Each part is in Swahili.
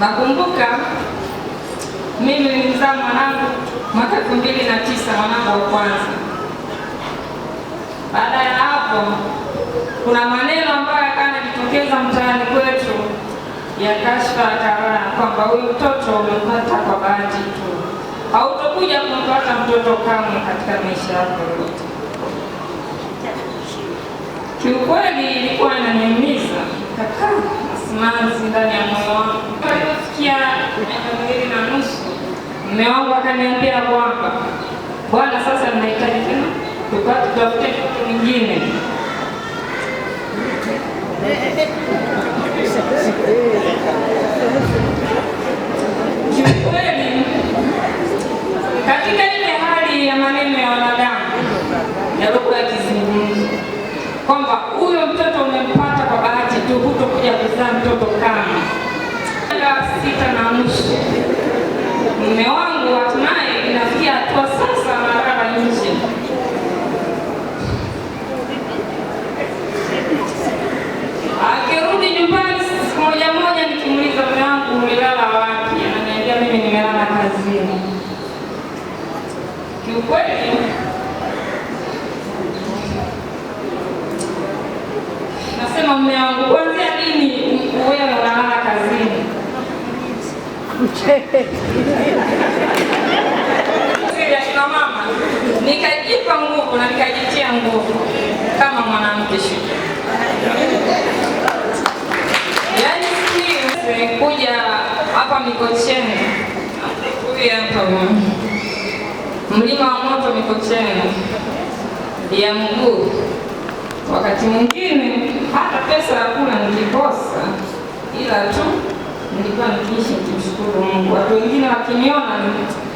Nakumbuka, mimi nilimzaa mwanangu mwaka elfu mbili na tisa, mwanangu wa kwanza. Baada ya hapo, kuna maneno ambayo yakawa yanajitokeza mtaani kwetu ya kashfa ya kwamba huyu mtoto umempata kwa bahati tu, hautokuja kumpata mtoto kamwe katika maisha yako yote. Kiukweli ilikuwa inaniumiza kaka simanzi ndani ya moyo wangu. Aliposikia miaka miwili na nusu, mume wangu akaniambia kwamba bwana, sasa ninahitaji tena tutafute mtu mwingine. sita na nusu mume wangu hatimaye inafikia hatua ya kina mama, nikajipa nguvu na nikajitia nguvu kama mwanamke shujaa. Yaani kuja hapa Mikocheni hapa mlima wa moto Mikocheni ya mguu, wakati mwingine hata pesa hakuna, nikikosa ila tu nilikuwa nikiishi kumshukuru Mungu. Watu wengine wakiniona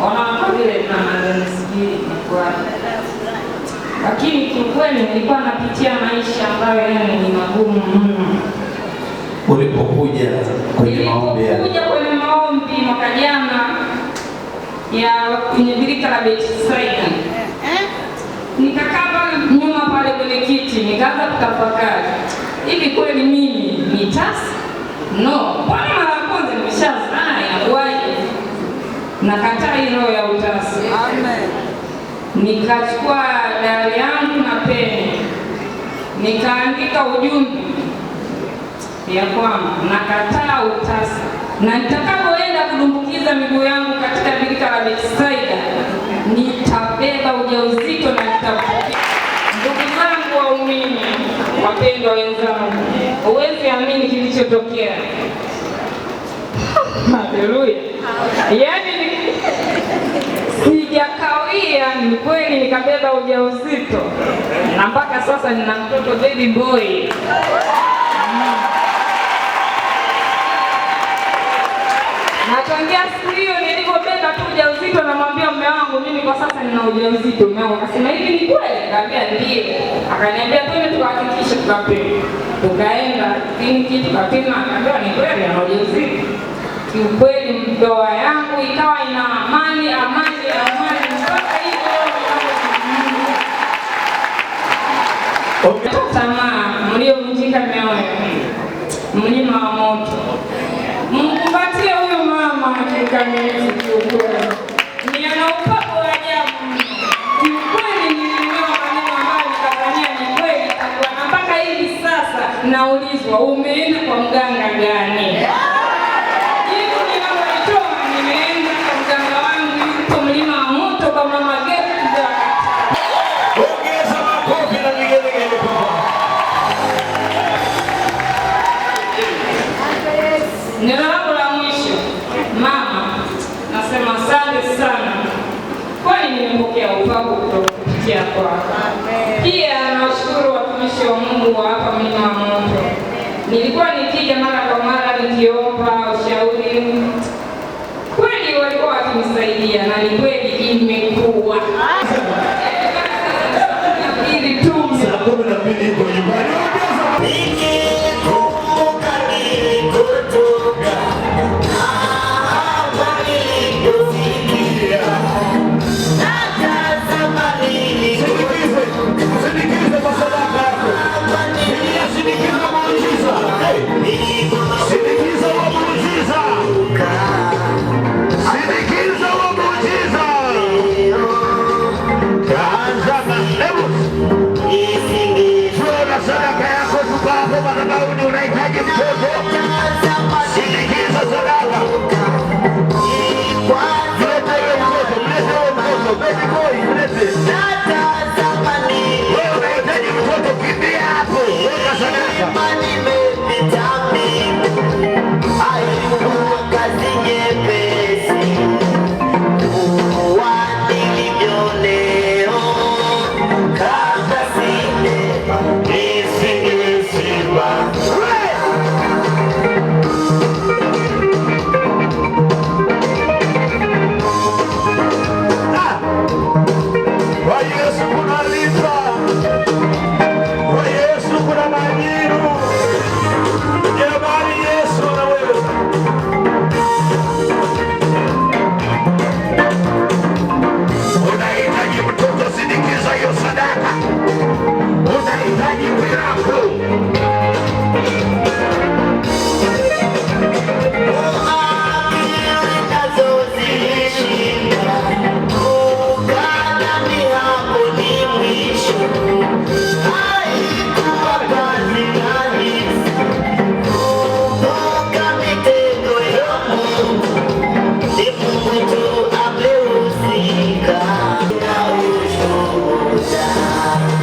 wanaona kwa vile na ni kwa. lakini kiukweli nilikuwa napitia maisha ambayo yani ni magumu mno. Ulipokuja kwenye maombi ya kuja kwenye maombi mwaka jana ya kwenye birika la Betsaida, nikakaa pale nyuma pale kwenye kiti, nikaanza kutafakari hivi kweli mimi ni tasa? No, mbona nakataa hilo ya utasi. Amen. Nikachukua dari yangu na peni nikaandika ujumbe ya kwamba nakataa utasi na nitakapoenda kudumbukiza miguu yangu katika birika la Betsaida nitabeba ujauzito na nitapokea. Ndugu zangu waumini wapendwa wenzangu, huwezi amini kilichotokea. Haleluya! Yaani ni kweli nikabeba ujauzito na mpaka sasa nina mtoto baby boy. Natangia siku hiyo nilipobeba tu ujauzito, namwambia mume wangu, mimi kwa sasa nina ujauzito. Mume wangu akasema hivi, ni kweli? Nikamwambia ndiyo. Akaniambia twende tukahakikishe, tukapima. Tukaenda kliniki tukapima, akaambiwa ni kweli ana ujauzito. Kiukweli ndoa yangu ikawa ina amani amani Tamaa mliovunjika mioyo, mlima wa moto, mkumbatie huyo mama kikamilifu. Kiukweli ni ana upako wa ajabu, kiukweli nilielewa maneno ambayo nikadhania ni kweli, na mpaka hivi sasa naulizwa umeenda kwa mganga gani? kupitia kwako. Pia nawashukuru watumishi wa Mungu wa hapa Mlima wa Moto. Nilikuwa nikija mara kwa mara nikiomba ushauri, kweli walikuwa wakinisaidia na ni kweli imekuwa